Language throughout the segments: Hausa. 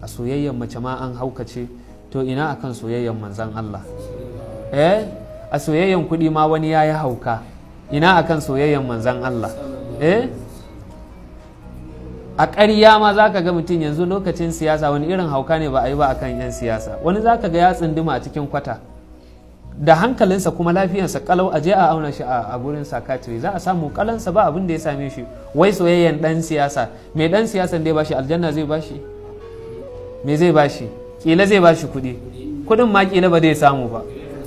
a soyayyar mace ma an haukace to ina akan soyayyar manzan Allah eh? eh a soyayyar kuɗi ma wani ya yi hauka ina akan soyayyar manzan Allah eh a ƙarya ma za ka ga mutum yanzu lokacin siyasa wani irin hauka ne ba a yi ba akan 'yan siyasa wani za ka ga ya tsinduma a cikin kwata da hankalinsa kuma lafiyarsa kalau a je a auna shi a gurin sakatiri za a samu kalansa ba abin da ya same shi wai soyayyen dan siyasa mai dan da ya bashi aljanna zai bashi me zai bashi kila zai bashi kuɗi kuɗin ma kila ba zai samu ba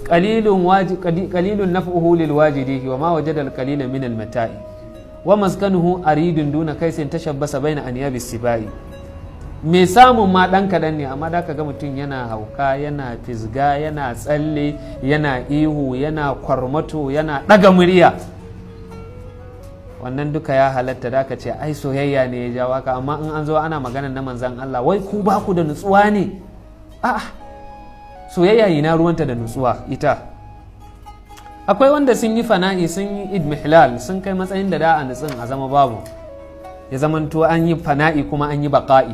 qalilun waji qalilun naf'uhu lil wajidihi wa ma wajada al qalila min al mata'i wa maskanuhu aridun duna kaisin tashabbasa baina aniyabis sibai me samun ma dan kadan ne amma da ga mutum yana hauka yana fizga yana tsalle yana ihu yana kwarmato yana daga murya wannan duka ya halatta da ka ce ai soyayya ne ya ja waka amma in an zo ana magana na manzan Allah wai ku ba ku da nutsuwa ne a'a soyayya yi na ruwanta da nutsuwa ita akwai wanda sun yi fana'i sun yi id mihlal, sun kai matsayin da da a nutsin a zama babu ya zamanto an yi fana'i kuma an yi baka'i.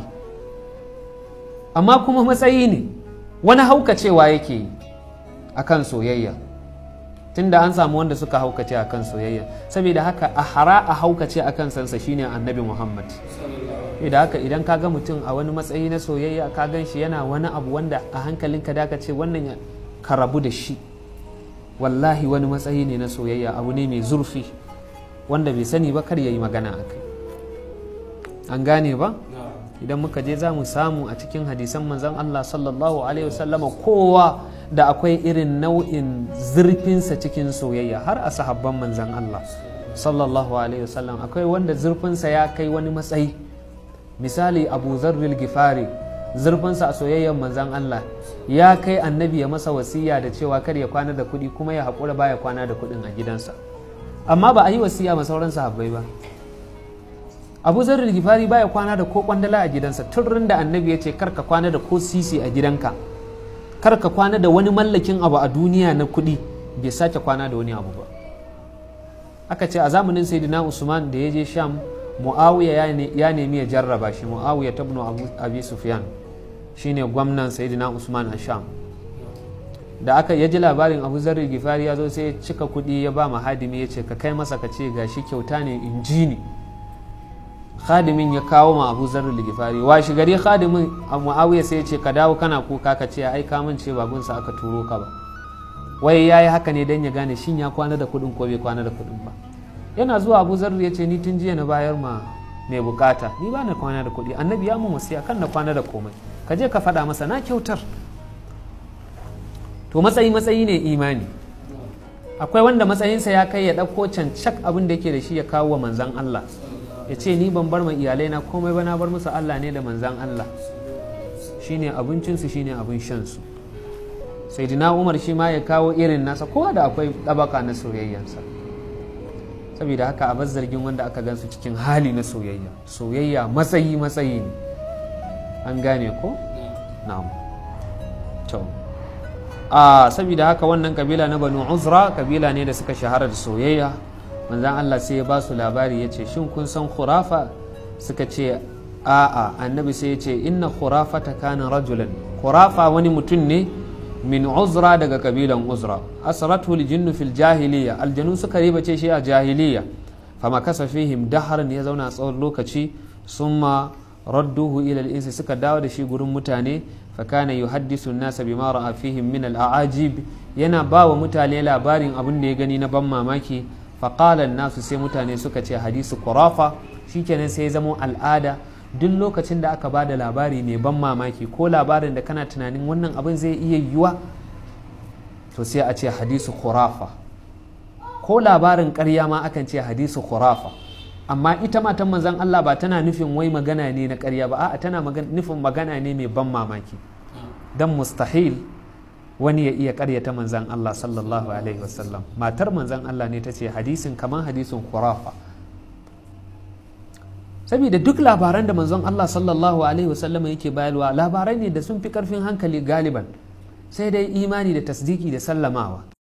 amma kuma matsayi ne wani haukacewa yake yi akan soyayya tunda an samu wanda suka haukace akan soyayya saboda haka a hara a haukace akan sansa shine annabi muhammad da haka idan ka ga mutum a wani matsayi na soyayya ka gan shi yana wani abu wanda a hankalinka da ka ce wannan ya ka rabu da shi wallahi wani matsayi ne na soyayya abu ne mai zurfi wanda bai sani ba kar yayi magana a kai an gane ba idan muka je za mu samu a cikin hadisan manzon allah sallallahu alaihi wasallama kowa da akwai irin nau'in zurfinsa cikin soyayya har a sahabban manzan Allah sallallahu alaihi wasallam akwai wanda zurfinsa ya kai wani matsayi misali abu zarril gifari zurfinsa a soyayyar manzan Allah ya kai annabi ya masa wasiya da cewa kar ya kwana da kuɗi kuma ya haƙura ba ya kwana da kuɗin a gidansa amma ba a yi wasiya ma sauran sahabbai ba abu zarril gifari ya kwana da ko kwandala a gidansa tun da annabi ya ce kar ka kwana da ko sisi a gidanka kar ka kwana da wani mallakin abu a duniya na kuɗi bai sake kwana da wani abu ba aka ce a zamanin sayyidina usman da ya je sham muawiya ya nemi ya jarraba shi muawiya ta tabnu abi sufyan shine gwamnan sayyidina usman a sham da aka ya ji labarin abu zarri gifari ya zo sai cika kuɗi ya ba mahadimi ya ce ka kai masa ka ce gashi kyauta ne in ji ni khadimin ya kawo ma abu zarar ligifari washi gari khadimin muawiya sai ce ka dawo kana kuka ka ce ai ka mun ce babansa aka turo ka ba wai ya yi haka ne don ya gane shin ya kwana da kuɗin ko bai kwana da kuɗin ba yana zuwa abu zarar ya ce ni tun jiya na bayar ma mai bukata ni ba na kwana da kuɗi annabi ya mun wasiya kan na kwana da komai ka je ka faɗa masa na kyautar to matsayi matsayi ne imani akwai wanda matsayinsa ya kai ya ɗauko cancak abin da yake da shi ya kawo wa manzan Allah ya ce ni ban bar ma iyalai na komai ba na bar musu Allah ne da manzan Allah shine abincinsu shine abin shansu sai dina umar shi ma ya kawo irin nasa kowa da akwai ɗabaka na soyayyansa saboda haka a zargin wanda aka gansu cikin hali na soyayya soyayya matsayi matsayi ne an gane ko na'am to a saboda haka wannan kabila na banu uzra kabila ne da suka shahara da soyayya manzan Allah sai ya ba su labari ya ce shin kun san khurafa suka ce a'a annabi sai ya ce inna khurafa ta kana rajulan khurafa wani mutum ne min uzra daga kabilan uzra asratu jinnu fil jahiliya aljanu suka riba ce shi a jahiliya fama kasa fihim ne ya zauna tsawon lokaci summa radduhu ila al-insi suka dawo da shi gurin mutane fa kana yuhaddisu an-nasa bima ra'a fihim min al-a'ajib yana ba wa mutane labarin abin da ya gani na ban mamaki faƙalar nasu sai mutane suka ce hadisu kurafa shikenan sai zamo al'ada duk lokacin da aka bada labari mai ban mamaki ko labarin da kana tunanin wannan abin zai iya yiwuwa to sai a ce hadisu kurafa ko labarin karya ma akan ce hadisu kurafa amma ita matan manzan Allah ba tana nufin wai magana ne na karya ba a'a tana nufin magana ne mai ban mamaki dan mustahil wani ya iya karyata manzan Allah sallallahu alaihi wasallam matar manzan Allah ne ta ce hadisin kamar hadisin kurafa saboda duk labaran da manzon Allah sallallahu alaihi wasallam yake bayarwa labarai ne da sun fi ƙarfin hankali galiban sai dai imani da tasdiki da sallamawa